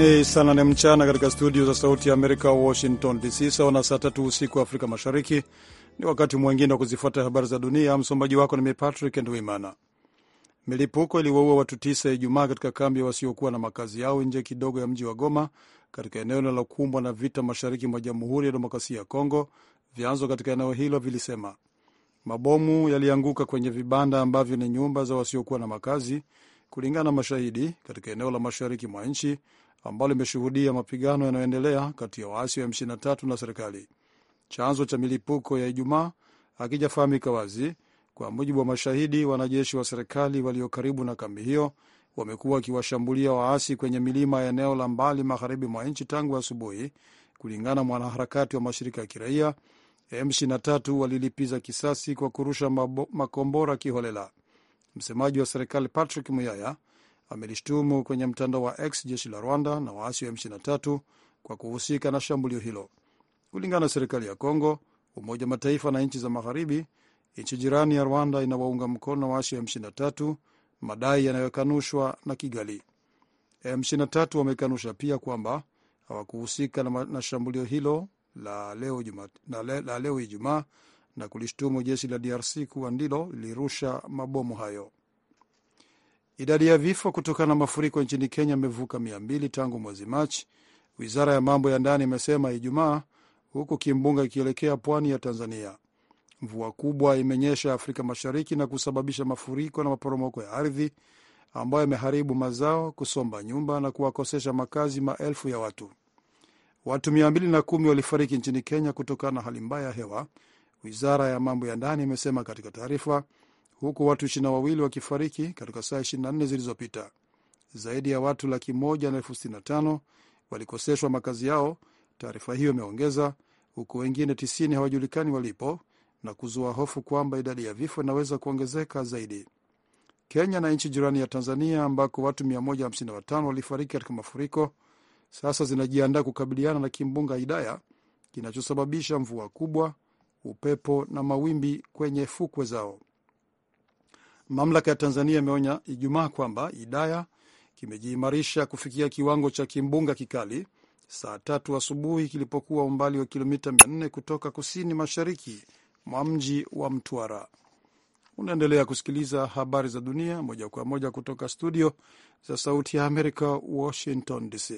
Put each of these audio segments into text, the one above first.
ni saa nane mchana katika studio za Sauti ya Amerika, Washington DC, sawa na saa tatu usiku wa Afrika Mashariki. Ni wakati mwingine wa kuzifuata habari za dunia. Msomaji wako ni mimi Patrick Ndwimana. Milipuko iliwaua watu tisa Ijumaa katika kambi ya wasiokuwa na makazi yao nje kidogo ya mji wa Goma, katika eneo linalokumbwa na vita mashariki mwa Jamhuri ya Demokrasia ya Kongo. Vyanzo katika eneo hilo vilisema mabomu yalianguka kwenye vibanda ambavyo ni nyumba za wasiokuwa na makazi, kulingana na mashahidi katika eneo la mashariki mwa nchi ambalo limeshuhudia mapigano yanayoendelea kati ya waasi wa M23 na serikali. Chanzo cha milipuko ya Ijumaa hakijafahamika wazi. Kwa mujibu wa mashahidi, wanajeshi wa serikali walio karibu na kambi hiyo wamekuwa wakiwashambulia waasi kwenye milima ya eneo la mbali magharibi mwa nchi tangu asubuhi, kulingana na mwanaharakati wa mashirika ya kiraia. M23 walilipiza kisasi kwa kurusha makombora kiholela. Msemaji wa serikali Patrick Muyaya amelishtumu kwenye mtandao wa X jeshi la Rwanda na waasi wa M23 kwa kuhusika na shambulio hilo. Kulingana na serikali ya Kongo, Umoja wa Mataifa na nchi za Magharibi, nchi jirani ya Rwanda inawaunga mkono waasi wa M23, madai yanayokanushwa na Kigali. M23 wamekanusha pia kwamba hawakuhusika na, na shambulio hilo la leo Ijumaa na, le, na kulishtumu jeshi la DRC kuwa ndilo lilirusha mabomu hayo. Idadi ya vifo kutokana na mafuriko nchini Kenya imevuka mia mbili tangu mwezi Machi, wizara ya mambo ya ndani imesema Ijumaa, huku kimbunga ikielekea pwani ya Tanzania. Mvua kubwa imenyesha Afrika Mashariki na kusababisha mafuriko na maporomoko ya ardhi ambayo imeharibu mazao, kusomba nyumba na kuwakosesha makazi maelfu ya watu. Watu kumi walifariki nchini Kenya kutokana na hali mbaya ya hewa, wizara ya mambo ya ndani imesema katika taarifa, huku watu 22 wakifariki katika saa 24 zilizopita. Zaidi ya watu laki moja na elfu sitini na tano walikoseshwa makazi yao, taarifa hiyo imeongeza, huku wengine 90 hawajulikani walipo na kuzua hofu kwamba idadi ya vifo inaweza kuongezeka zaidi. Kenya na nchi jirani ya Tanzania ambako watu 155 walifariki katika mafuriko sasa zinajiandaa kukabiliana na kimbunga Idaya kinachosababisha mvua kubwa, upepo na mawimbi kwenye fukwe zao. Mamlaka ya Tanzania imeonya Ijumaa kwamba Idaya kimejiimarisha kufikia kiwango cha kimbunga kikali saa tatu asubuhi kilipokuwa umbali wa kilomita 400 kutoka kusini mashariki mwa mji wa Mtwara. Unaendelea kusikiliza habari za dunia moja kwa moja kutoka studio za Sauti ya Amerika, Washington DC.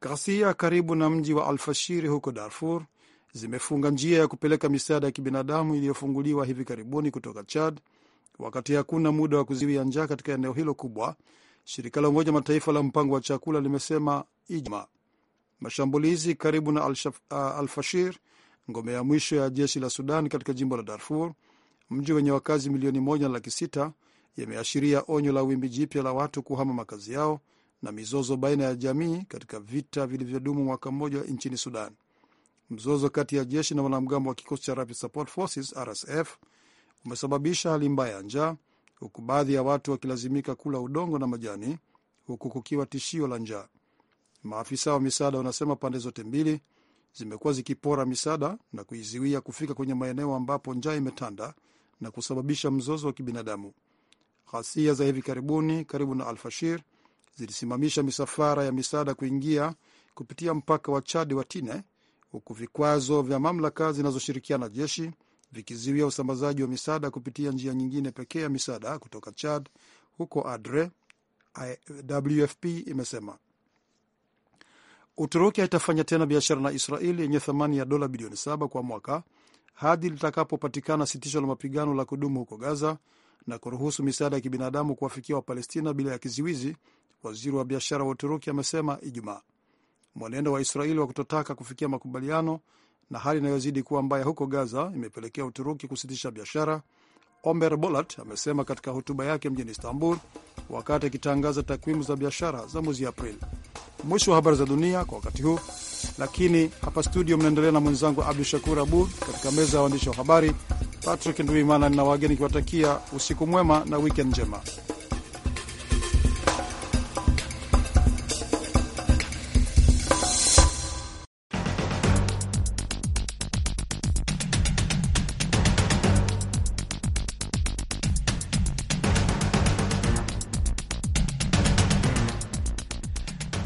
Ghasia karibu na mji wa Alfashiri huko Darfur zimefunga njia ya kupeleka misaada ya kibinadamu iliyofunguliwa hivi karibuni kutoka Chad wakati hakuna muda wa kuzuia njaa katika eneo hilo kubwa, shirika la Umoja Mataifa la mpango wa chakula limesema Ijumaa. Mashambulizi karibu na uh, Al-Fashir, ngome ya mwisho ya jeshi la Sudan katika jimbo la Darfur, mji wenye wakazi milioni moja na laki sita, yameashiria onyo la wimbi jipya la watu kuhama makazi yao na mizozo baina ya jamii katika vita vilivyodumu mwaka mmoja nchini Sudan. Mzozo kati ya jeshi na wanamgambo wa kikosi cha Rapid Support Forces RSF umesababisha hali mbaya ya njaa, huku baadhi ya watu wakilazimika kula udongo na majani, huku kukiwa tishio la njaa. Maafisa wa misaada wanasema pande zote mbili zimekuwa zikipora misaada na kuiziwia kufika kwenye maeneo ambapo njaa imetanda na kusababisha mzozo wa kibinadamu. Ghasia za hivi karibuni karibu na Alfashir zilisimamisha misafara ya misaada kuingia kupitia mpaka wa chadi wa Tine, huku vikwazo vya mamlaka zinazoshirikiana na jeshi vikizuia usambazaji wa misaada kupitia njia nyingine pekee ya misaada kutoka Chad huko Adre, WFP imesema. Uturuki haitafanya tena biashara na Israeli yenye thamani ya dola bilioni saba kwa mwaka hadi litakapopatikana sitisho la mapigano la kudumu huko Gaza na kuruhusu misaada ya kibinadamu kuwafikia Wapalestina bila ya kiziwizi, waziri wa biashara wa Uturuki amesema Ijumaa. Mwenendo wa Israeli wa kutotaka kufikia makubaliano na hali inayozidi kuwa mbaya huko Gaza imepelekea Uturuki kusitisha biashara, Omer Bolat amesema katika hotuba yake mjini Istanbul wakati akitangaza takwimu za biashara za mwezi Aprili. Mwisho wa habari za dunia kwa wakati huu, lakini hapa studio mnaendelea na mwenzangu Abdu Shakur Abud katika meza ya waandishi wa habari. Patrick Nduimana nina wageni kiwatakia usiku mwema na wikend njema.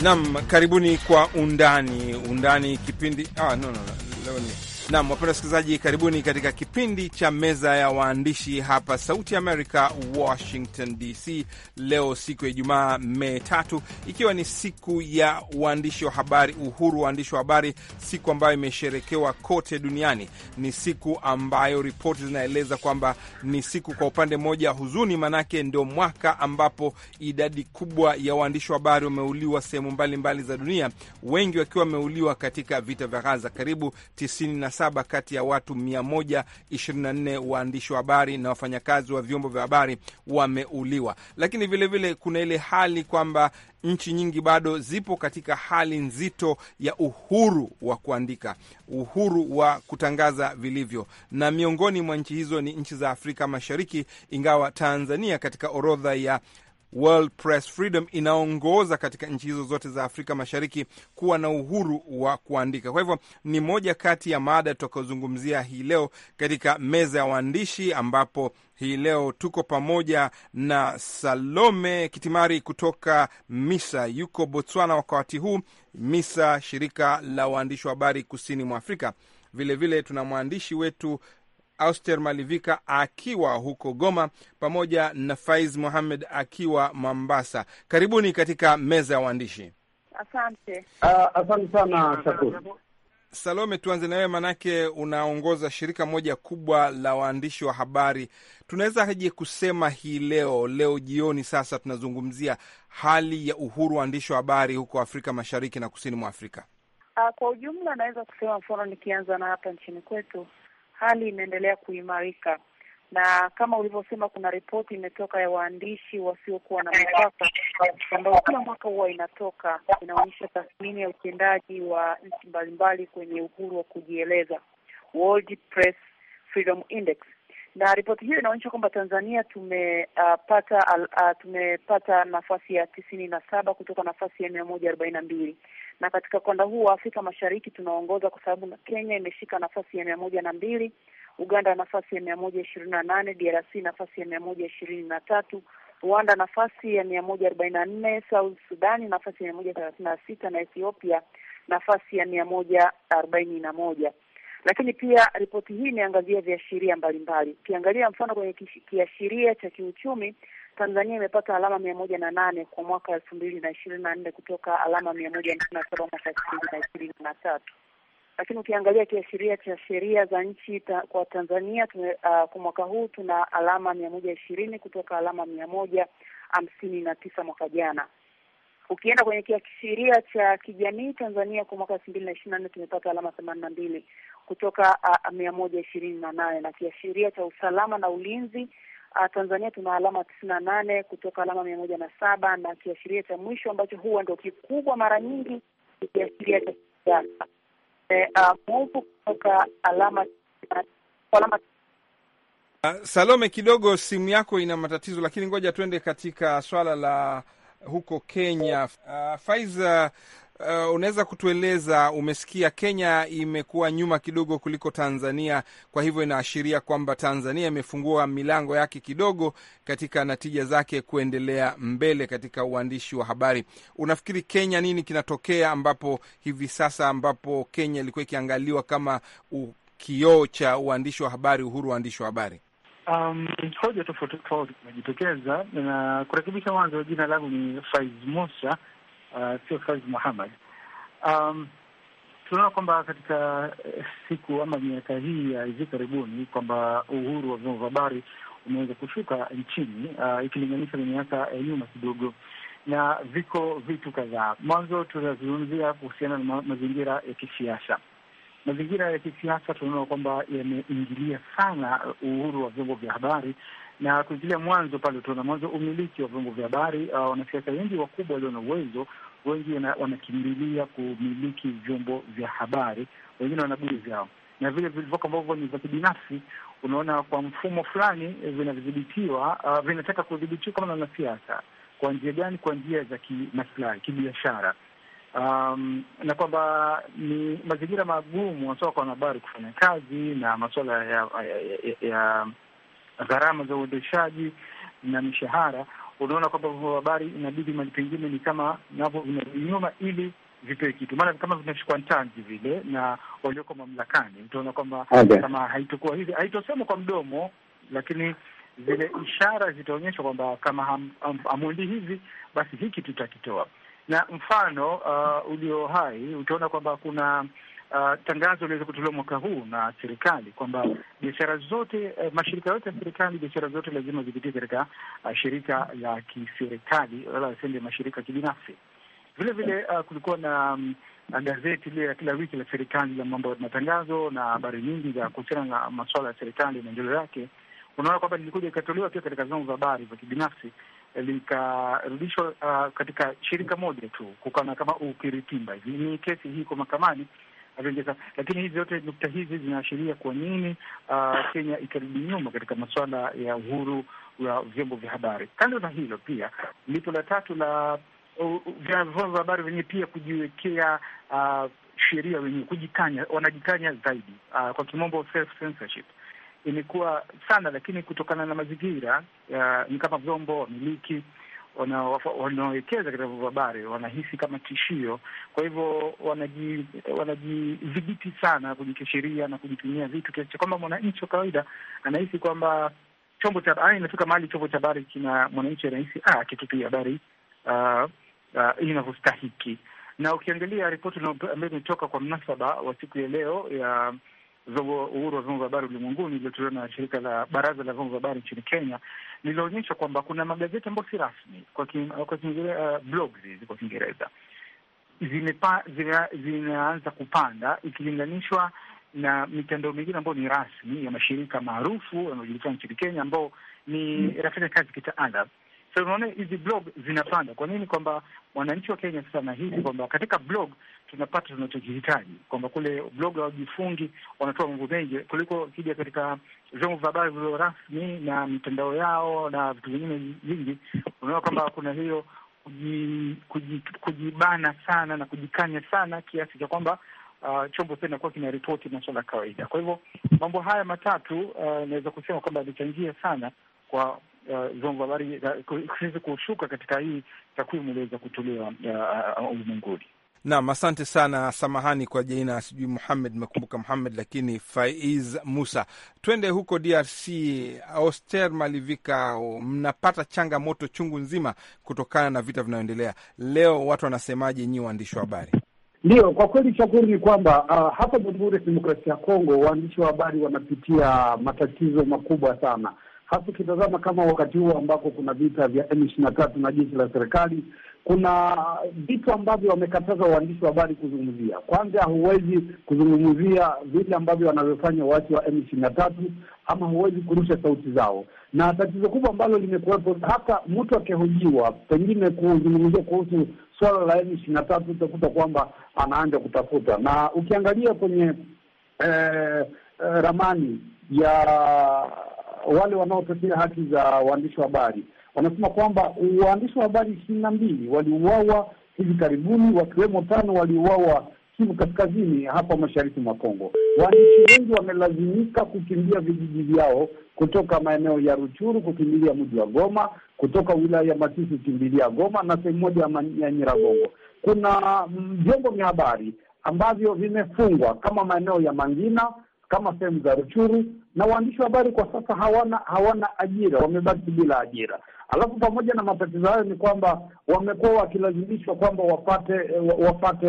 nam karibuni kwa undani undani kipindi ah, no, no, no, leo ni Nam, wapenda wasikilizaji, karibuni katika kipindi cha meza ya waandishi hapa Sauti Amerika, Washington DC. Leo siku ya Ijumaa, Mei tatu, ikiwa ni siku ya uandishi wa habari, uhuru waandishi wa habari, siku ambayo imesherekewa kote duniani. Ni siku ambayo ripoti zinaeleza kwamba ni siku kwa upande mmoja huzuni, manake ndio mwaka ambapo idadi kubwa ya waandishi wa habari wameuliwa sehemu mbalimbali za dunia, wengi wakiwa wameuliwa katika vita vya Gaza, karibu 9 saba kati ya watu 124 waandishi wa habari na wafanyakazi wa vyombo vya habari wameuliwa. Lakini vilevile vile kuna ile hali kwamba nchi nyingi bado zipo katika hali nzito ya uhuru wa kuandika, uhuru wa kutangaza vilivyo, na miongoni mwa nchi hizo ni nchi za Afrika Mashariki, ingawa Tanzania katika orodha ya World Press Freedom inaongoza katika nchi hizo zote za Afrika Mashariki kuwa na uhuru wa kuandika. Kwa hivyo ni moja kati ya mada tutakaozungumzia hii leo katika meza ya waandishi, ambapo hii leo tuko pamoja na Salome Kitimari kutoka MISA, yuko Botswana wakati huu. MISA, shirika la waandishi wa habari kusini mwa Afrika. Vilevile tuna mwandishi wetu Auster Malivika akiwa huko Goma, pamoja na Faiz Mohamed akiwa Mombasa. Karibuni katika meza ya waandishi. Asante. Uh, asante sana Shakur. Salome, tuanze na wewe manake unaongoza shirika moja kubwa la waandishi wa habari. Tunaweza aje kusema hii leo leo jioni, sasa tunazungumzia hali ya uhuru waandishi wa habari huko Afrika Mashariki na kusini mwa Afrika. Ah, kwa ujumla naweza kusema, mfano nikianza na hapa nchini kwetu, hali inaendelea kuimarika, na kama ulivyosema, kuna ripoti imetoka ya waandishi wasiokuwa na mipaka ambayo kila mwaka huwa inatoka, inaonyesha tathmini ya utendaji wa nchi mbalimbali kwenye uhuru wa kujieleza, World Press Freedom Index na ripoti hiyo inaonyesha kwamba Tanzania tumepata uh, uh, tumepata nafasi ya tisini na saba kutoka nafasi ya mia moja arobaini na mbili na katika ukanda huu wa Afrika Mashariki tunaongoza kwa sababu Kenya imeshika nafasi ya mia moja na mbili Uganda nafasi ya mia moja ishirini na nane DRC nafasi ya mia moja ishirini na tatu Rwanda nafasi ya mia moja arobaini na nne South Sudani nafasi ya mia moja thelathini na sita na Ethiopia nafasi ya mia moja arobaini na moja. Lakini pia ripoti hii imeangazia viashiria mbalimbali. Ukiangalia mfano kwenye kiashiria cha kiuchumi, Tanzania imepata alama mia moja na nane kwa mwaka elfu mbili na ishirini na nne kutoka alama mia moja hamsini na saba mwaka elfu mbili na ishirini na tatu lakini ukiangalia kiashiria cha sheria za nchi ta, kwa Tanzania uh, kwa mwaka huu tuna alama mia moja ishirini kutoka alama mia moja hamsini na tisa mwaka jana. Ukienda kwenye kiashiria cha kijamii Tanzania kwa mwaka elfu mbili na ishirini na nne tumepata alama themanini na mbili kutoka mia moja ishirini na nane na kiashiria cha usalama na ulinzi Tanzania tuna alama tisini na nane kutoka alama mia moja na saba na kiashiria cha mwisho ambacho huwa ndio kikubwa mara nyingi ni kiashiria cha siasa e, muvu kutoka alama alama Salome, kidogo simu yako ina matatizo, lakini ngoja tuende katika swala la huko Kenya. Uh, Faiza, uh, unaweza kutueleza, umesikia Kenya imekuwa nyuma kidogo kuliko Tanzania, kwa hivyo inaashiria kwamba Tanzania imefungua milango yake kidogo katika natija zake kuendelea mbele katika uandishi wa habari. Unafikiri Kenya nini kinatokea ambapo hivi sasa ambapo Kenya ilikuwa ikiangaliwa kama kioo cha uandishi wa habari, uhuru wa waandishi wa habari? Um, hoja tofauti tofauti zimejitokeza na kurekebisha. Mwanzo, jina langu ni Faiz Musa, uh, sio Faiz Muhammad. Um, tunaona kwamba katika eh, siku ama miaka hii ya hivi karibuni kwamba uhuru wa vyombo vya habari umeweza kushuka nchini uh, ikilinganisha na miaka ya nyuma kidogo, na viko vitu kadhaa. Mwanzo tunazungumzia kuhusiana na ma mazingira ya kisiasa mazingira ya kisiasa tunaona kwamba yameingilia sana uhuru wa vyombo vya habari na kuingilia mwanzo pale, tuna mwanzo umiliki wa vyombo vya habari. Uh, wanasiasa wengi wakubwa walio na uwezo wengi wanakimbilia kumiliki vyombo vya habari, wengine wana vyao na vile vilivyoko ambavyo ni vya kibinafsi, unaona kwa mfumo fulani eh, vinavyodhibitiwa uh, vinataka kudhibitiwa kama na wanasiasa. Kwa njia gani? Kwa njia za kimaslahi, kibiashara um, na kwamba ni mazingira magumu hasa kwa wanahabari kufanya kazi na masuala ya, ya, ya, ya gharama za uendeshaji na mishahara. Unaona kwamba habari inabidi mali pengine ni kama navyo vinarudi ili vipewe kitu, maana kama vinashikwa ntanzi vile na walioko mamlakani. Utaona kwamba kama haitokuwa hivi, haitosema kwa mdomo, lakini zile ishara zitaonyeshwa kwamba kama hamwendii hivi, basi hiki tutakitoa na mfano uh, ulio hai utaona kwamba kuna Uh, tangazo liweza kutolewa mwaka huu na serikali kwamba biashara zote uh, mashirika yote ya serikali, biashara zote lazima zipitie katika uh, shirika la kiserikali wala sende mashirika kibinafsi. Vile vile uh, kulikuwa na um, gazeti lile la kila wiki la serikali la mambo ya matangazo na habari nyingi za kuhusiana na masuala ya serikali, maendeleo yake. Unaona kwamba lilikuja ikatolewa pia katika vyombo vya habari vya kibinafsi likarudishwa uh, katika shirika moja tu, kukana kama ukiritimba hivi, ni kesi hii iko mahakamani Avengeza. Lakini hizi zote nukta hizi zinaashiria kwa nini uh, Kenya ikarudi nyuma katika masuala ya uhuru wa vyombo vya habari. Kando na hilo, pia lipo la tatu la vyombo vya habari vyenye pia kujiwekea uh, sheria wenyewe, kujikanya, wanajikanya zaidi uh, kwa kimombo self censorship imekuwa sana, lakini kutokana na mazingira uh, ni kama vyombo wamiliki wanaowekeza katika vyombo vya habari wanahisi kama tishio, kwa hivyo wanajidhibiti wanaji sana kwenye kisheria na kujitumia vitu kiasi cha kwamba mwananchi wa kawaida anahisi kwamba chombo cha ah, inafika mahali chombo cha habari kina mwananchi anahisi ah, akitupia habari uh, uh, inavyostahiki. Na ukiangalia ripoti ambayo imetoka kwa mnasaba wa siku ya leo ya uh, uhuru wa vyombo vya habari ulimwenguni iliyotolewa na shirika la baraza la vyombo vya habari nchini Kenya lilionyesha kwamba kuna magazeti ambayo si rasmi kwa kwa Kiingereza uh, blogs hizi kwa Kiingereza zimeanza kupanda ikilinganishwa na mitandao mingine ambayo ni rasmi ya mashirika maarufu yanayojulikana nchini Kenya ambao ni mm. rafanya kazi kitaalamu. Sasa unaona hizi blog zinapanda. Kwa nini? Kwamba mwananchi wa Kenya sasa anahisi kwamba katika blog tunapata tunachokihitaji, kwamba kule blog hawajifungi, wanatoa mambo mengi kuliko kija katika vyombo vya habari vilivyo rasmi na mitandao yao na vitu vingine vingi. Unaona kwamba kuna hiyo kujibana sana na kujikanya sana kiasi cha kwamba uh, chombo tena kuwa kina ripoti masuala ya kawaida. Kwa hivyo mambo haya matatu uh, naweza kusema kwamba alichangia sana kwa Eh, vyombo habari uh, kushuka katika hii takwimu iliweza kutolewa eh, ulimwenguni. Naam, asante sana. Samahani kwa jina, sijui Muhamed, nimekumbuka Muhamed lakini Faiz Musa. Twende huko DRC. Oster Malivika, mnapata changamoto chungu nzima kutokana na vita vinayoendelea leo. Watu wanasemaje nyi waandishi wa habari? ndio kwa kweli chakuri ni kwamba uh, hapa Jamhuri ya Kidemokrasia ya Kongo waandishi wa habari wanapitia matatizo makubwa sana hasa ukitazama kama wakati huo ambako kuna vita vya M ishirini na tatu na jeshi la serikali. Kuna vitu ambavyo wamekataza waandishi wa habari kuzungumzia. Kwanza, huwezi kuzungumzia vile ambavyo wanavyofanya waasi wa M ishirini na tatu ama huwezi kurusha sauti zao, na tatizo kubwa ambalo limekuwepo, hata mtu akihojiwa pengine kuzungumzia kuhusu suala la M ishirini na tatu utakuta kwamba anaanza kutafuta, na ukiangalia kwenye eh, eh ramani ya wale wanaotetea haki za waandishi wa habari wanasema kwamba waandishi wa habari ishirini na mbili waliuawa hivi karibuni, wakiwemo tano waliuawa Kivu Kaskazini, hapa mashariki mwa Kongo. Waandishi wengi wamelazimika kukimbia vijiji vyao kutoka maeneo ya Ruchuru kukimbilia mji wa Goma, kutoka wilaya ya Masisi kukimbilia Goma na sehemu moja ya Nyiragongo. Kuna mm, vyombo vya habari ambavyo vimefungwa kama maeneo ya Mangina, kama sehemu za Ruchuru na waandishi wa habari kwa sasa hawana hawana ajira, wamebaki bila ajira. Alafu pamoja na matatizo hayo ni kwamba wamekuwa wakilazimishwa kwamba wapate wapate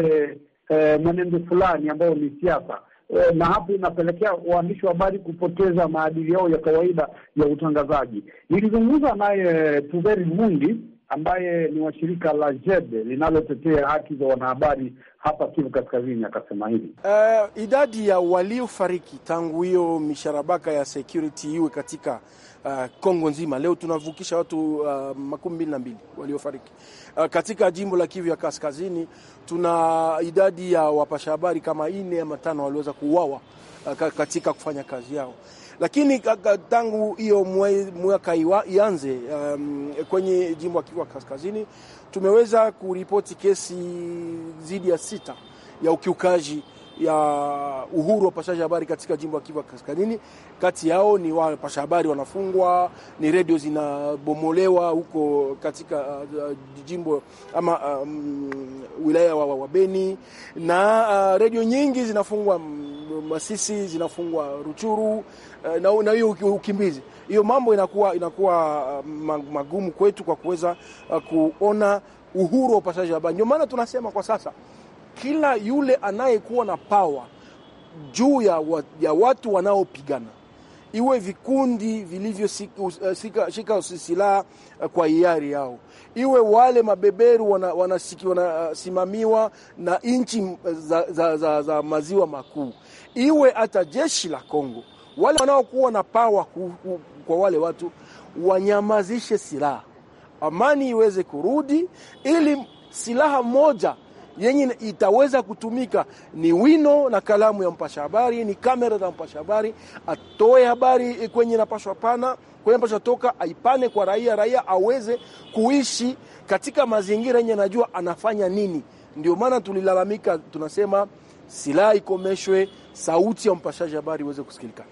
eh, mwenendo fulani ambao ni siasa eh, na hapo inapelekea waandishi wa habari kupoteza maadili yao ya kawaida ya utangazaji. Nilizungumza naye eh, Tuveri Mundi ambaye ni wa shirika la JEDE linalotetea haki za wanahabari hapa Kivu Kaskazini, akasema hivi uh, idadi ya waliofariki tangu hiyo misharabaka ya security iwe katika eh, Kongo nzima leo tunavukisha watu uh, makumi mbili na mbili waliofariki uh, katika jimbo la Kivu ya Kaskazini. Tuna idadi ya wapasha habari kama ine ama tano waliweza kuuawa uh, katika kufanya kazi yao, lakini tangu hiyo mwaka ianze um, kwenye jimbo la Kivu ya Kaskazini tumeweza kuripoti kesi zaidi ya sita ya ukiukaji ya uhuru wa pashaji habari katika jimbo la Kivu Kaskazini. Kati yao ni wapasha habari wanafungwa, ni redio zinabomolewa huko katika uh, jimbo ama um, wilaya wa, wa na uh, redio nyingi zinafungwa Masisi, zinafungwa Ruchuru uh, na hiyo ukimbizi hiyo mambo inakuwa, inakuwa uh, magumu kwetu kwa kuweza uh, kuona uhuru wa upashaji habari. Ndio maana tunasema kwa sasa kila yule anayekuwa na pawa juu ya, wa, ya watu wanaopigana iwe vikundi vilivyoshika eh, silaha eh, kwa hiari yao, iwe wale mabeberu wanasimamiwa wana, wana, eh, na nchi za, za, za, za maziwa makuu, iwe hata jeshi la Kongo, wale wanaokuwa na pawa kwa wale watu wanyamazishe silaha, amani iweze kurudi, ili silaha moja yenye itaweza kutumika ni wino na kalamu ya mpasha habari, ni kamera za mpasha habari, atoe habari kwenye napashwa pana kwenye napashwa toka, aipane kwa raia, raia aweze kuishi katika mazingira yenye anajua anafanya nini. Ndio maana tulilalamika, tunasema silaha ikomeshwe, sauti ya mpashaji habari iweze kusikilikana.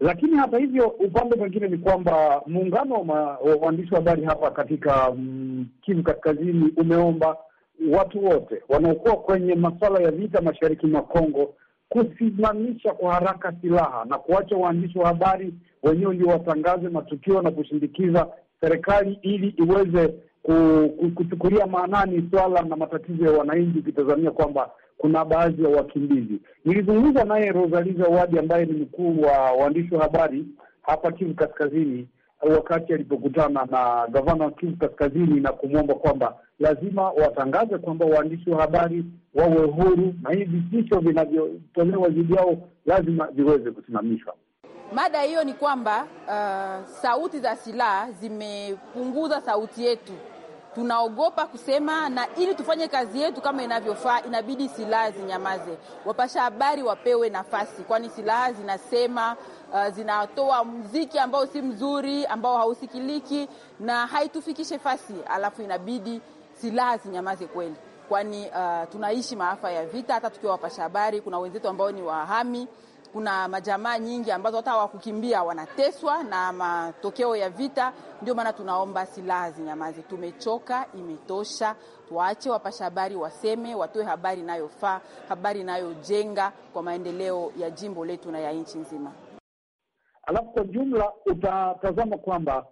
Lakini hata hivyo, upande mwingine ni kwamba muungano wa waandishi wa habari hapa katika mm, Kivu Kaskazini umeomba watu wote wanaokuwa kwenye masuala ya vita mashariki mwa Kongo kusimamisha kwa haraka silaha na kuacha waandishi wa habari wenyewe ndio watangaze matukio na kushindikiza serikali ili iweze kuchukulia maanani swala na matatizo ya wananchi, ukitazamia kwamba kuna baadhi ya wakimbizi. Nilizungumza naye Rosalie Zawadi ambaye ni mkuu wa waandishi wa habari hapa Kivu Kaskazini, wakati alipokutana na gavana Kivu Kaskazini na kumwomba kwamba lazima watangaze kwamba waandishi wa habari wawe huru na hivi vitisho vinavyotolewa dhidi yao lazima viweze kusimamishwa. Mada hiyo ni kwamba uh, sauti za silaha zimepunguza sauti yetu, tunaogopa kusema, na ili tufanye kazi yetu kama inavyofaa, inabidi silaha zinyamaze, wapasha habari wapewe nafasi, kwani silaha zinasema uh, zinatoa mziki ambao si mzuri, ambao hausikiliki na haitufikishe fasi, alafu inabidi silaha zinyamaze kweli, kwani uh, tunaishi maafa ya vita. Hata tukiwa wapasha habari, kuna wenzetu ambao ni wahami kuna majamaa nyingi ambazo hata wakukimbia wanateswa na matokeo ya vita. Ndio maana tunaomba silaha zinyamaze. Tumechoka, imetosha. Tuache wapasha habari waseme, watoe habari inayofaa, habari inayojenga kwa maendeleo ya jimbo letu na ya nchi nzima. Alafu kwa jumla utatazama kwamba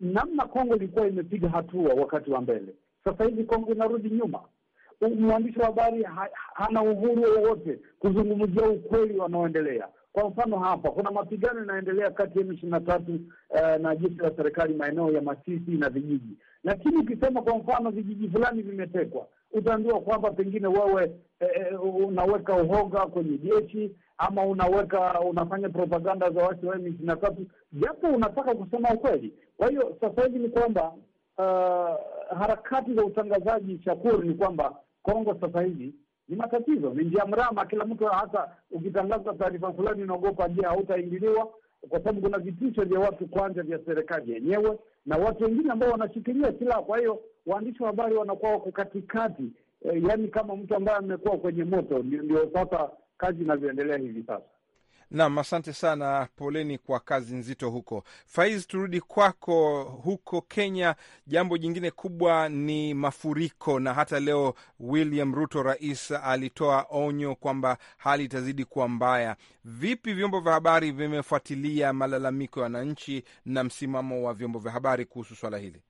namna Kongo ilikuwa imepiga hatua wakati wa mbele, sasa hivi Kongo inarudi nyuma. Mwandishi wa habari hana uhuru wowote kuzungumzia ukweli wanaoendelea. Kwa mfano hapa kuna mapigano yanaendelea kati ya M ishirini na tatu eh, na jeshi la serikali maeneo ya Masisi na vijiji, lakini ukisema kwa mfano vijiji fulani vimetekwa, utaambiwa kwamba pengine wewe eh, eh unaweka uhoga kwenye jeshi ama unaweka unafanya propaganda za watu wa M23 japo unataka kusema ukweli. Kwa hiyo sasa hivi ni kwamba uh, harakati za utangazaji shakuri ni kwamba Kongo sasa hivi ni matatizo, ni njia mrama. Kila mtu hata ukitangaza taarifa fulani unaogopa, je, hautaingiliwa? Kwa sababu kuna vitisho vya watu kwanza vya serikali yenyewe na watu wengine ambao wanashikilia silaha. Kwa hiyo waandishi wa habari wanakuwa wako katikati, e, yani kama mtu ambaye amekuwa kwenye moto, ndio sasa kazi inavyoendelea hivi sasa. Naam, asante sana, poleni kwa kazi nzito huko. Faiz, turudi kwako huko Kenya. Jambo jingine kubwa ni mafuriko, na hata leo William Ruto, rais, alitoa onyo kwamba hali itazidi kuwa mbaya. Vipi vyombo vya habari vimefuatilia malalamiko ya wananchi na msimamo wa vyombo vya habari kuhusu swala hili?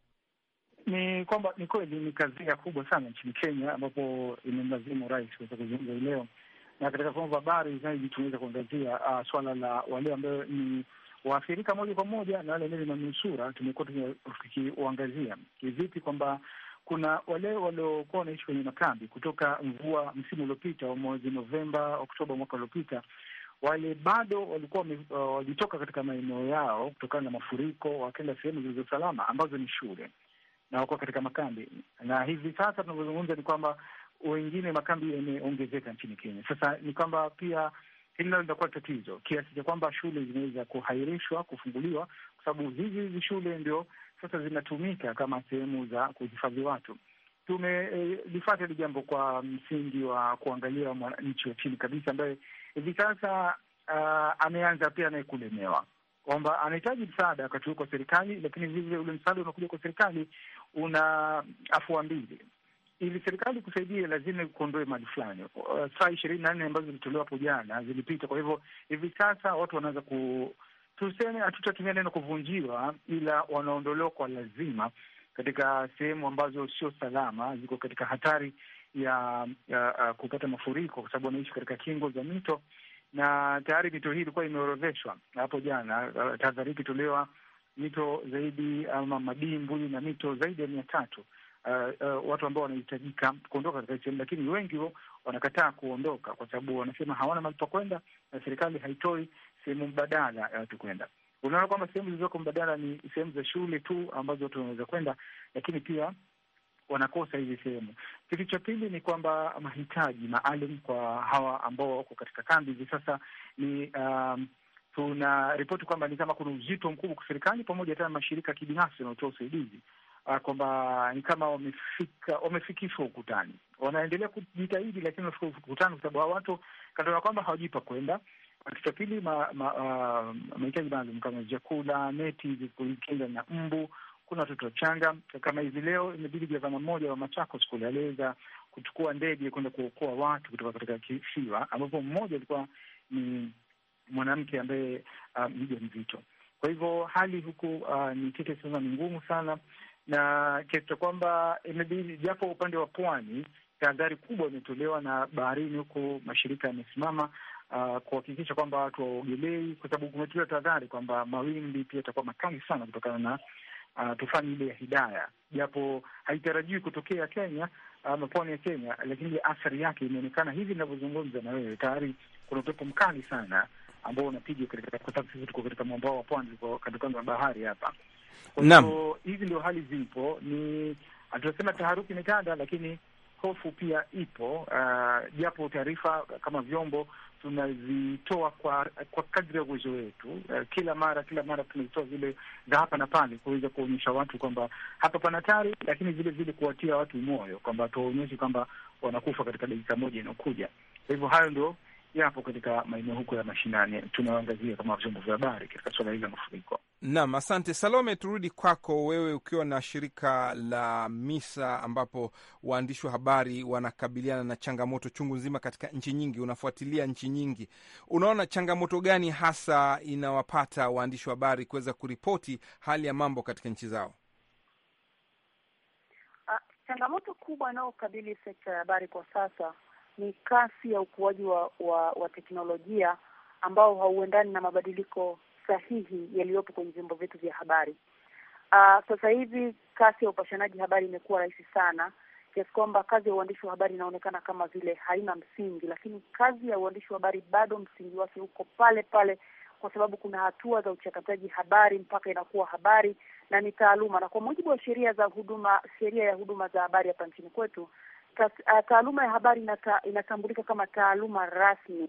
Ni kwamba ni kweli ni kadhia kubwa sana nchini Kenya, ambapo imemlazimu rais kuweza kuzungumza leo na katika vyombo vya habari zaidi tunaweza kuangazia uh, swala la wale ambao ni waathirika moja kwa moja na wale ambao ni manusura. Tumekuwa tukiuangazia vipi kwamba kuna wale waliokuwa wanaishi kwenye makambi kutoka mvua msimu uliopita wa mwezi Novemba, Oktoba mwaka uliopita wale bado walikuwa ah, walitoka uh, katika maeneo yao kutokana na mafuriko, wakenda sehemu zilizo salama ambazo ni shule na wakuwa katika makambi. Na hivi sasa tunavyozungumza ni kwamba wengine makambi yameongezeka nchini Kenya. Sasa ni kwamba pia hili nalo litakuwa tatizo kiasi cha kwamba shule zinaweza kuhairishwa kufunguliwa, kwa sababu hizi hizi shule ndio sasa zinatumika kama sehemu za kuhifadhi watu. Tumelifuata hili jambo kwa msingi wa kuangalia mwananchi wa chini kabisa ambaye hivi sasa uh, ameanza pia naye kulemewa kwamba anahitaji msaada wakati huu kwa serikali, lakini vilevile ule msaada unakuja kwa serikali una afua mbili ili serikali kusaidia lazima kuondoe mali fulani. Uh, saa ishirini na nne ambazo zilitolewa hapo jana zilipita. Kwa hivyo hivi sasa watu wanaweza ku, tuseme, hatutatumia neno kuvunjiwa, ila wanaondolewa kwa lazima katika sehemu ambazo sio salama, ziko katika hatari ya, ya, uh, kupata mafuriko, kwa sababu wanaishi katika kingo za mito, na tayari mito hii ilikuwa imeorodheshwa hapo jana, uh, tahadhari ikitolewa mito zaidi ama madimbwi na mito zaidi ya mia tatu uh, uh, watu ambao wanahitajika kuondoka katika sehemu, lakini wengi huo wanakataa kuondoka kwa sababu wanasema hawana mahali pa kwenda na serikali haitoi sehemu mbadala ya watu kwenda. Unaona kwamba sehemu zilizoko mbadala ni sehemu za shule tu ambazo watu wanaweza kwenda, lakini pia wanakosa hizi sehemu. Kitu cha pili ni kwamba mahitaji maalum kwa hawa ambao wako katika kambi hivi sasa ni um, tuna ripoti kwamba ni kama kuna uzito mkubwa kwa serikali pamoja hata na mashirika ya kibinafsi yanayotoa usaidizi Uh, kwamba ni kama wamefika wamefikishwa ukutani, wanaendelea kujitahidi, lakini wamefika ukutani kwa sababu hawa watu katana kwamba hawajui pa kwenda. Kitu cha pili, mahitaji ma, uh, maalum kama vyakula, neti kujikinga na mbu. Kuna watoto wachanga kama hivi leo, imebidi gavana mmoja wa Machakos kule aliweza kuchukua ndege kwenda kuokoa watu kutoka katika kisiwa, ambapo mmoja alikuwa ni mwanamke ambaye uh, mja um, mzito. Kwa hivyo hali huku uh, ni tete sana, ni ngumu sana na kiasi cha kwamba imebidi, japo upande wa pwani tahadhari kubwa imetolewa na baharini huku mashirika yamesimama uh, kuhakikisha kwamba watu waogelei, kwa sababu kumetolewa tahadhari kwamba mawimbi pia itakuwa makali sana kutokana na uh, tufani ile ya Hidaya, japo haitarajiwi kutokea Kenya ama pwani ya Kenya, lakini ile athari yake imeonekana hivi inavyozungumza na wewe. Tayari kuna upepo mkali sana ambao unapiga, kwa sababu sisi tuko katika mwambao wa pwani, kando kando ya bahari hapa Naam, hiyo hizi ndio hali zipo ni tunasema taharuki imetanda, lakini hofu pia ipo, ah, japo uh, taarifa kama vyombo tunazitoa kwa kwa kadri ya uwezo wetu. Uh, kila mara kila mara tunazitoa zile za hapa na pale kuweza kuonyesha watu kwamba hapa pana hatari, lakini vile vile kuwatia watu moyo kwamba tuwaonyeshe kwamba wanakufa katika dakika moja inaokuja Kwa hivyo hayo ndio yapo katika maeneo huko ya mashinani tunayoangazia kama vyombo vya habari katika suala hili la mafuriko. Naam, asante Salome, turudi kwako wewe ukiwa na shirika la MISA ambapo waandishi wa habari wanakabiliana na changamoto chungu nzima katika nchi nyingi. Unafuatilia nchi nyingi, unaona changamoto gani hasa inawapata waandishi wa habari kuweza kuripoti hali ya mambo katika nchi zao? Ah, changamoto kubwa inayokabili sekta ya habari kwa sasa ni kasi ya ukuaji wa, wa, wa teknolojia ambao hauendani na mabadiliko sahihi yaliyopo kwenye vyombo vyetu vya habari. Uh, sasa hivi kasi ya upashanaji habari imekuwa rahisi sana kiasi kwamba kazi ya uandishi wa habari inaonekana kama vile haina msingi, lakini kazi ya uandishi wa habari bado msingi wake uko pale pale, kwa sababu kuna hatua za uchakataji habari mpaka inakuwa habari na ni taaluma, na kwa mujibu wa sheria za huduma sheria ya huduma za habari hapa nchini kwetu Ah, taaluma ya habari inata, inatambulika kama taaluma rasmi.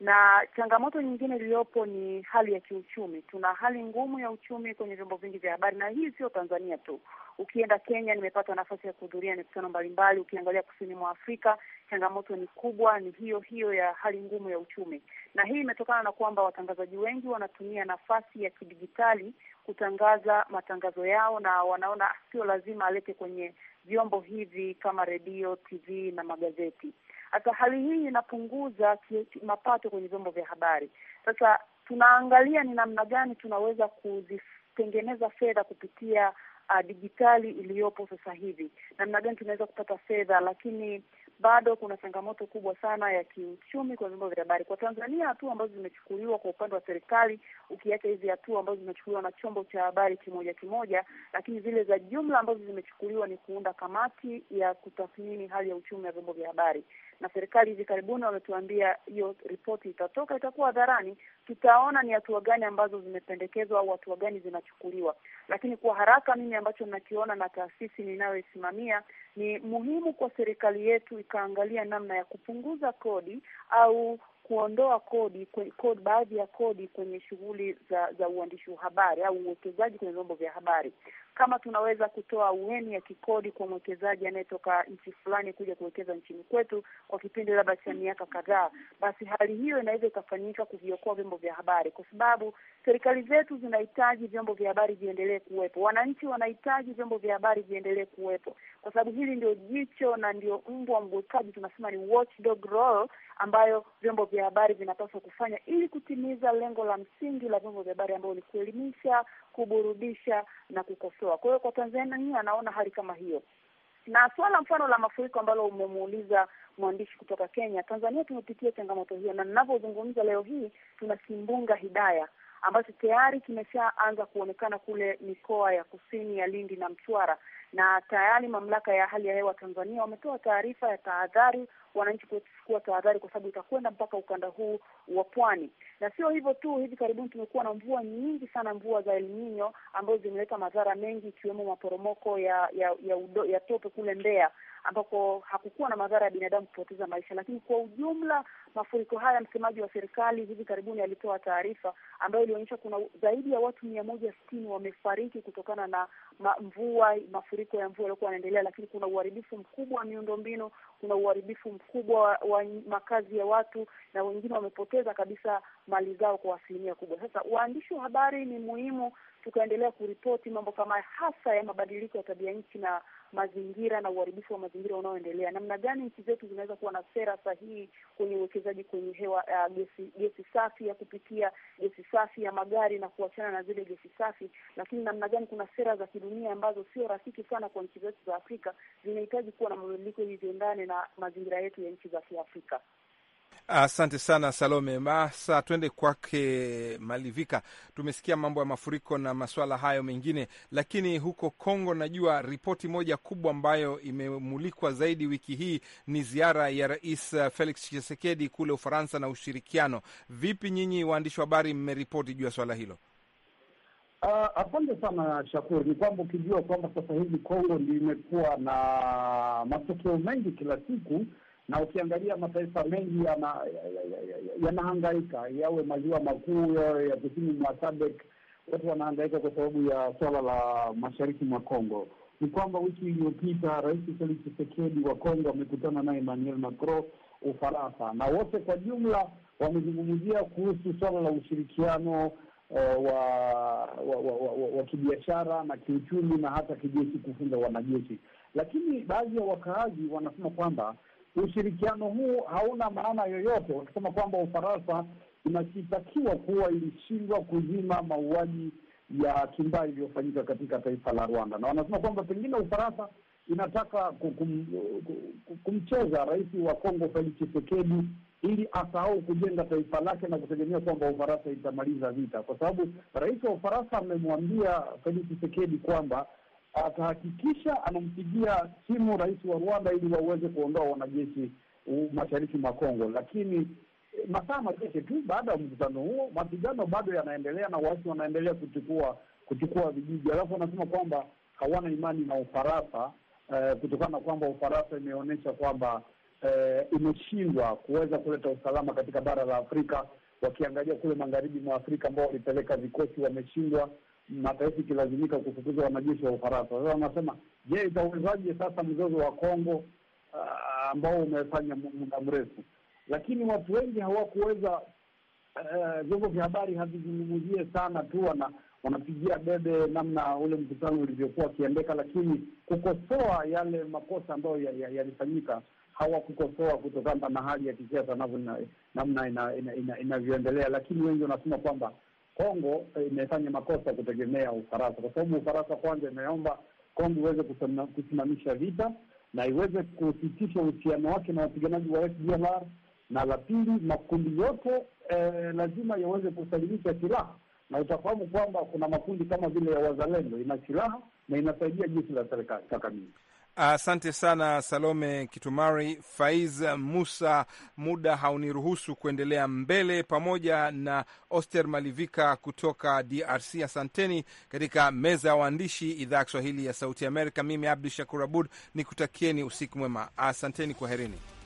Na changamoto nyingine iliyopo ni hali ya kiuchumi. Tuna hali ngumu ya uchumi kwenye vyombo vingi vya habari, na hii sio Tanzania tu. Ukienda Kenya, nimepata nafasi ya kuhudhuria mikutano mbalimbali. Ukiangalia kusini mwa Afrika, changamoto ni kubwa, ni hiyo hiyo ya hali ngumu ya uchumi, na hii imetokana na kwamba watangazaji wengi wanatumia nafasi ya kidijitali kutangaza matangazo yao, na wanaona sio lazima alete kwenye vyombo hivi kama redio, TV na magazeti. Sasa hali hii inapunguza mapato kwenye vyombo vya habari. Sasa tunaangalia ni namna gani tunaweza kuzitengeneza fedha kupitia uh, ah, dijitali iliyopo sasa hivi, namna gani tunaweza kupata fedha, lakini bado kuna changamoto kubwa sana ya kiuchumi kwa vyombo vya habari kwa Tanzania. Hatua ambazo zimechukuliwa kwa upande wa serikali, ukiacha hizi hatua ambazo zimechukuliwa na chombo cha habari kimoja kimoja, lakini zile za jumla ambazo zimechukuliwa ni kuunda kamati ya kutathmini hali ya uchumi na vyombo vya habari na serikali hivi karibuni wametuambia hiyo ripoti itatoka, itakuwa hadharani. Tutaona ni hatua gani ambazo zimependekezwa au hatua gani zinachukuliwa, lakini kwa haraka, mimi ambacho nakiona na taasisi ninayoisimamia ni muhimu kwa serikali yetu ikaangalia namna ya kupunguza kodi au kuondoa kodi, kodi baadhi ya kodi kwenye shughuli za za uandishi wa habari au uwekezaji kwenye vyombo vya habari kama tunaweza kutoa ahueni ya kikodi kwa mwekezaji anayetoka nchi fulani kuja kuwekeza nchini kwetu kwa kipindi labda cha miaka kadhaa, basi hali hiyo inaweza ikafanyika kuviokoa vyombo vya habari, kwa sababu serikali zetu zinahitaji vyombo vya habari viendelee kuwepo, wananchi wanahitaji vyombo vya habari viendelee kuwepo, kwa sababu hili ndio jicho na ndio mbwa mgwekaji, tunasema ni watchdog role ambayo vyombo vya habari vinapaswa kufanya ili kutimiza lengo la msingi la vyombo vya habari ambayo ni kuelimisha, kuburudisha na kukosoa kutoa. Kwa hiyo kwa Tanzania anaona hali kama hiyo, na suala mfano la mafuriko ambalo umemuuliza mwandishi kutoka Kenya, Tanzania tumepitia changamoto hiyo, na ninavyozungumza leo hii tuna kimbunga Hidaya ambacho tayari kimeshaanza kuonekana kule mikoa ya kusini ya Lindi na Mtwara, na tayari mamlaka ya hali ya hewa Tanzania wametoa taarifa ya tahadhari, wananchi kuchukua tahadhari, kwa sababu itakwenda mpaka ukanda huu wa pwani. Na sio hivyo tu, hivi karibuni tumekuwa na mvua nyingi sana, mvua za El Nino ambazo zimeleta madhara mengi, ikiwemo maporomoko ya ya, ya, udo, ya tope kule Mbeya ambako hakukuwa na madhara ya binadamu kupoteza maisha, lakini kwa ujumla mafuriko haya, msemaji wa serikali hivi karibuni alitoa taarifa ambayo ilionyesha kuna zaidi ya watu mia moja sitini wamefariki kutokana na mvua mafuriko mafuriko ya mvua yaliokuwa yanaendelea, lakini kuna uharibifu mkubwa wa miundombinu kuna uharibifu mkubwa wa, wa makazi ya watu na wengine wamepoteza kabisa mali zao kwa asilimia kubwa. Sasa waandishi wa habari ni muhimu tukaendelea kuripoti mambo kama hasa ya mabadiliko ya tabia nchi na mazingira na uharibifu wa mazingira unaoendelea. Namna gani nchi zetu zinaweza kuwa na sera sahihi kwenye uwekezaji kwenye hewa uh, gesi, gesi safi ya kupikia, gesi safi ya magari na kuachana na zile gesi safi. Lakini namna gani kuna sera za kidunia ambazo sio rafiki sana kwa nchi zetu za Afrika, zinahitaji kuwa na mabadiliko hivyo ndani na mazingira yetu ya nchi za Kiafrika. Asante sana Salome Masa. tuende kwake Malivika. Tumesikia mambo ya mafuriko na masuala hayo mengine, lakini huko Kongo najua ripoti moja kubwa ambayo imemulikwa zaidi wiki hii ni ziara ya Rais Felix Tshisekedi kule Ufaransa na ushirikiano. Vipi nyinyi waandishi wa habari mmeripoti juu ya swala hilo? Uh, asante sana Shakuri. Ni kwamba ukijua kwamba sasa hivi Kongo ndio imekuwa na matokeo mengi kila siku, na ukiangalia mataifa mengi yanahangaika ya, ya, ya, ya yawe maziwa makuu yawe ya kusini mwa SADC, watu wanahangaika kwa sababu ya swala la mashariki mwa Kongo. Ni kwamba wiki iliyopita Rais Felix Tshisekedi wa Kongo amekutana na Emmanuel Macron Ufaransa, na wote kwa jumla wamezungumzia kuhusu swala la ushirikiano Eh, wa, wa, wa, wa, wa, wa kibiashara na kiuchumi na hata kijeshi kufunga wanajeshi, lakini baadhi ya wakaaji wanasema kwamba ushirikiano huu hauna maana yoyote, wakisema kwamba Ufaransa inashitakiwa kuwa ilishindwa kuzima mauaji ya kimbari iliyofanyika katika taifa la Rwanda, na wanasema kwamba pengine Ufaransa inataka kum, kumcheza rais wa Kongo Felix Tshisekedi ili asahau kujenga taifa lake na kutegemea kwamba Ufaransa itamaliza vita, kwa sababu rais wa Ufaransa amemwambia Felix Tshisekedi kwamba atahakikisha anampigia simu rais wa Rwanda ili waweze kuondoa wanajeshi mashariki mwa Kongo, lakini eh, masaa machache tu baada ya mkutano huo mapigano bado yanaendelea na watu wanaendelea kuchukua kuchukua vijiji, alafu wanasema kwamba hawana imani na Ufaransa eh, kutokana na kwamba Ufaransa imeonyesha kwamba eh, imeshindwa kuweza kuleta usalama katika bara la Afrika. Wakiangalia kule magharibi mwa Afrika ambao walipeleka vikosi wameshindwa, mataifa ikilazimika kufukuza wanajeshi wa Ufaransa. Sasa wanasema je, itawezaje sasa mzozo wa Kongo uh, ambao umefanya muda mrefu, lakini watu wengi hawakuweza eh, vyombo uh, vya habari havizungumzie sana tu wana wanapigia debe namna ule mkutano ulivyokuwa akiendeka, lakini kukosoa yale makosa ambayo yalifanyika ya, ya hawakukosoa kutokana na hali ya kisiasa namna inavyoendelea ina, ina, ina, lakini wengi wanasema kwamba Kongo eh, imefanya makosa kutegemea Ufaransa kwa sababu Ufaransa kwanza imeomba Kongo iweze kusimamisha vita na iweze kusitisha uhusiano wake na wapiganaji wa FDLR, na la pili makundi yote eh, lazima yaweze kusalimisha silaha, na utafahamu kwamba kuna makundi kama vile ya wazalendo ina silaha na inasaidia jeshi la serikali kamili. Asante sana Salome Kitumari, Faiz Musa. Muda hauniruhusu kuendelea mbele, pamoja na Oster Malivika kutoka DRC. Asanteni katika meza ya waandishi, idhaa ya Kiswahili ya Sauti Amerika. Mimi Abdu Shakur Abud nikutakieni usiku mwema, asanteni, kwaherini.